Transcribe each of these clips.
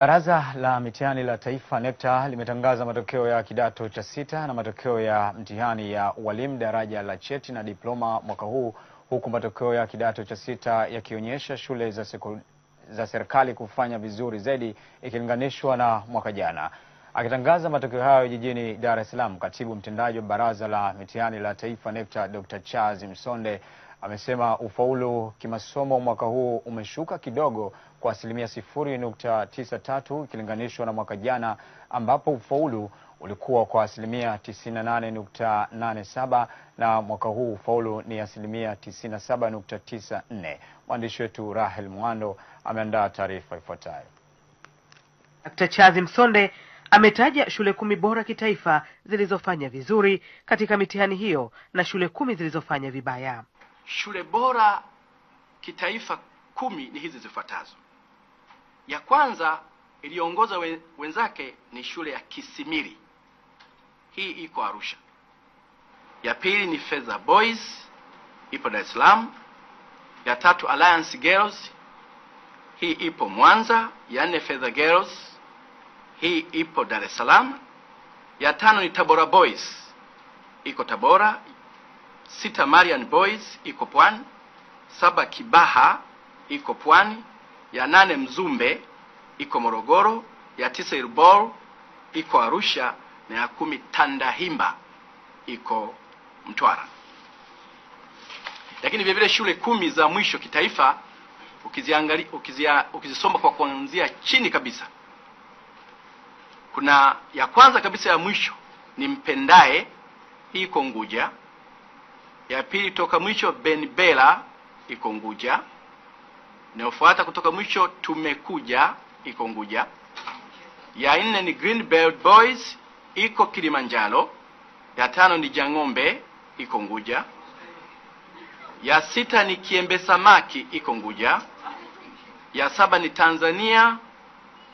Baraza la mitihani la Taifa NECTA limetangaza matokeo ya kidato cha sita na matokeo ya mtihani ya walimu daraja la cheti na diploma mwaka huu, huku matokeo ya kidato cha sita yakionyesha shule za, za serikali kufanya vizuri zaidi ikilinganishwa na mwaka jana. Akitangaza matokeo hayo jijini Dar es Salaam, katibu mtendaji wa Baraza la mitihani la Taifa NECTA Dr. Charles Msonde amesema ufaulu kimasomo mwaka huu umeshuka kidogo kwa asilimia sifuri nukta tisa tatu ikilinganishwa na mwaka jana ambapo ufaulu ulikuwa kwa asilimia 98.87 na mwaka huu ufaulu ni asilimia 97.94. Mwandishi wetu Rahel Mwando ameandaa taarifa ifuatayo. Dkt. Chazi Msonde ametaja shule kumi bora kitaifa zilizofanya vizuri katika mitihani hiyo na shule kumi zilizofanya vibaya. Shule bora kitaifa kumi ni hizi zifuatazo. Ya kwanza iliyoongoza wenzake ni shule ya Kisimiri, hii iko Arusha. Ya pili ni Feza Boys, ipo Dar es Salaam. Ya tatu Alliance Girls, hii ipo Mwanza. Ya nne Feza Girls, hii ipo Dar es Salaam. Ya tano ni Tabora Boys, iko Tabora sita Marian Boys iko Pwani, saba Kibaha iko Pwani, ya nane Mzumbe iko Morogoro, ya tisa Ilbol iko Arusha na ya kumi Tandahimba iko Mtwara. Lakini vile shule kumi za mwisho kitaifa ukiziangalia, ukizia, ukizisoma kwa kuanzia chini kabisa, kuna ya kwanza kabisa ya mwisho ni Mpendae iko Nguja ya pili toka mwisho bela iko Nguja, inayofuata kutoka mwisho Tumekuja iko Nguja, ya nne ni Belt Boys iko Kilimanjaro, ya tano ni Jang'ombe iko Nguja, ya sita ni Kiembe Samaki iko Nguja, ya saba ni Tanzania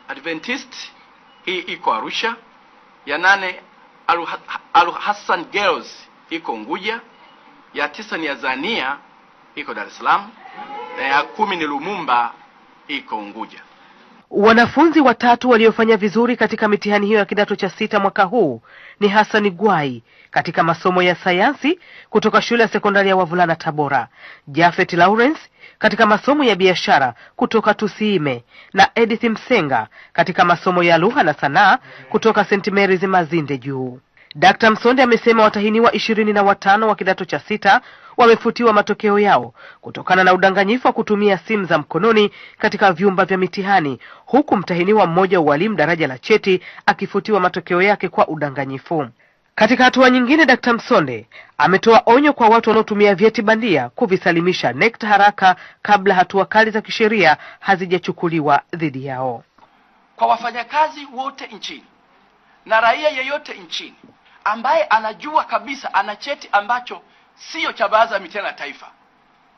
Adventist hii iko Arusha, ya nane Al Hassan Girls iko Nguja ya tisa ni Azania iko Dar es Salaam na ya kumi ni Lumumba iko Unguja. Wanafunzi watatu waliofanya vizuri katika mitihani hiyo ya kidato cha sita mwaka huu ni Hasani Gwai katika masomo ya sayansi kutoka shule ya sekondari ya wavulana Tabora, Jafet Lawrence katika masomo ya biashara kutoka Tusiime na Edith Msenga katika masomo ya lugha na sanaa kutoka St Mary's Mazinde Juu. Dkt Msonde amesema watahiniwa ishirini na watano wa kidato cha sita wamefutiwa matokeo yao kutokana na udanganyifu wa kutumia simu za mkononi katika vyumba vya mitihani, huku mtahiniwa mmoja ualimu daraja la cheti akifutiwa matokeo yake kwa udanganyifu. Katika hatua nyingine, Dkt Msonde ametoa onyo kwa watu wanaotumia vyeti bandia kuvisalimisha NECT haraka kabla hatua kali za kisheria hazijachukuliwa dhidi yao. Kwa wafanyakazi wote nchini na raia yeyote nchini ambaye anajua kabisa ana cheti ambacho siyo cha Baazam tena taifa,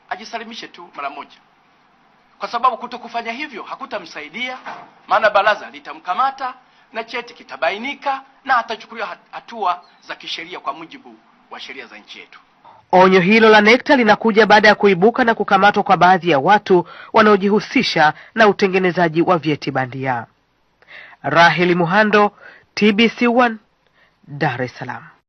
ajisalimishe tu mara moja, kwa sababu kutokufanya hivyo hakutamsaidia, maana baraza litamkamata na cheti kitabainika na atachukuliwa hatua za kisheria kwa mujibu wa sheria za nchi yetu. Onyo hilo la nekta linakuja baada ya kuibuka na kukamatwa kwa baadhi ya watu wanaojihusisha na utengenezaji wa vyeti bandia. Raheli Muhando, TBC1 Dar es Salaam.